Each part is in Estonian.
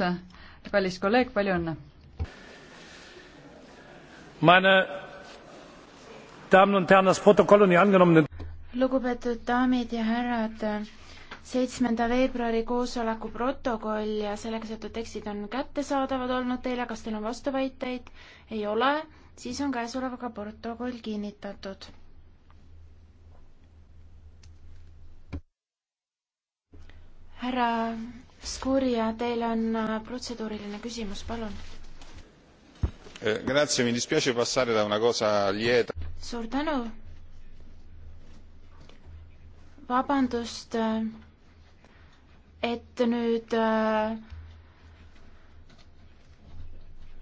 tulemast, kallis kolleeg, palju õnne! lugupeetud daamid ja härrad, seitsmenda veebruari koosoleku protokoll ja sellega seotud tekstid on kättesaadavad olnud teile, kas teil on vastuväiteid? ei ole, siis on käesolevaga protokoll kinnitatud härra Skurja, teil on äh, protseduuriline küsimus, palun. Eh, grazie, mi dispiace passare da una cosa lieta. suur tänu. vabandust, äh, et nüüd äh,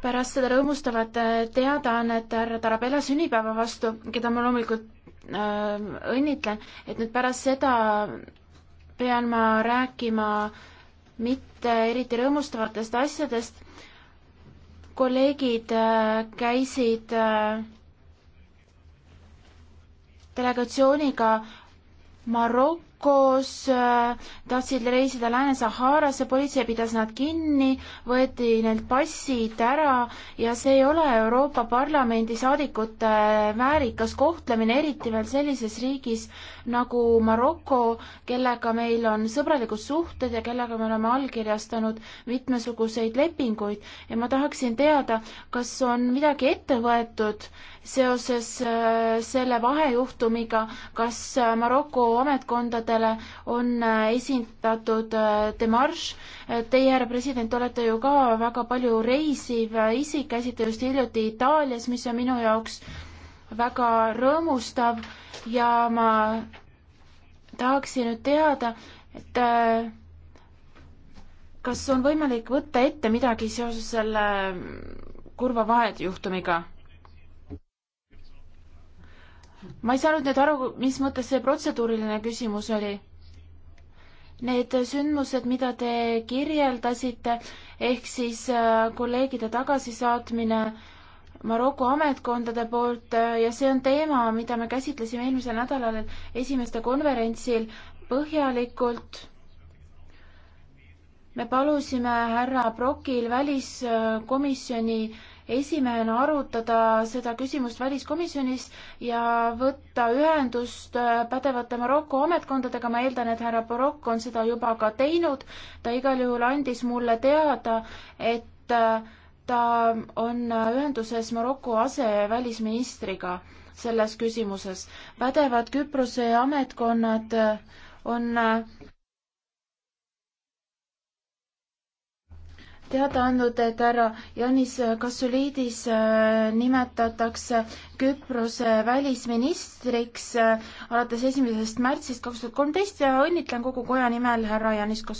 pärast seda rõõmustavat teadaannet härra Tarabella sünnipäeva vastu, keda ma loomulikult õnnitlen, et nüüd pärast seda pean ma rääkima äh, mitte eriti rõõmustavatest asjadest. kolleegid äh, käisid äh, delegatsiooniga Marokos koos äh, tahtsid reisida Lääne-Saharasse, politsei pidas nad kinni, võeti neilt passid ära ja see ei ole Euroopa Parlamendi saadikute väärikas kohtlemine, eriti veel sellises riigis nagu Maroko, kellega meil on sõbralikud suhted ja kellega me oleme allkirjastanud mitmesuguseid lepinguid. ja ma tahaksin teada, kas on midagi ette võetud seoses äh, selle vahejuhtumiga, kas Maroko ametkondade erakondadele on äh, esindatud demarš. Äh, Teie, härra president, olete ju ka väga palju reisiv äh, isik, käisite just hiljuti Itaalias, mis on minu jaoks väga rõõmustav ja ma tahaksin nüüd teada, et kas on võimalik võtta ette midagi seoses selle kurva vahejuhtumiga? ma ei saanud nüüd aru, mis mõttes see protseduuriline küsimus oli. Need sündmused, mida te kirjeldasite, ehk siis äh, kolleegide tagasisaatmine Maroko ametkondade poolt äh, ja see on teema, mida me käsitlesime eelmisel nädalal esimeste konverentsil põhjalikult. me palusime härra Brokil väliskomisjoni esimehena arutada seda küsimust väliskomisjonis ja võtta ühendust äh, pädevate Maroko ametkondadega, ma eeldan, et härra Barokk on seda juba ka teinud, ta igal juhul andis mulle teada, et äh, ta on äh, ühenduses Maroko asevälisministriga selles küsimuses. pädevad Küprose ametkonnad on teada andnud, et härra Janis Kasuliidis äh, nimetatakse Küprose välisministriks äh, alates esimesest märtsist kaks tuhat kolmteist ja õnnitlen kogu koja nimel härra Janis Kasuliidis.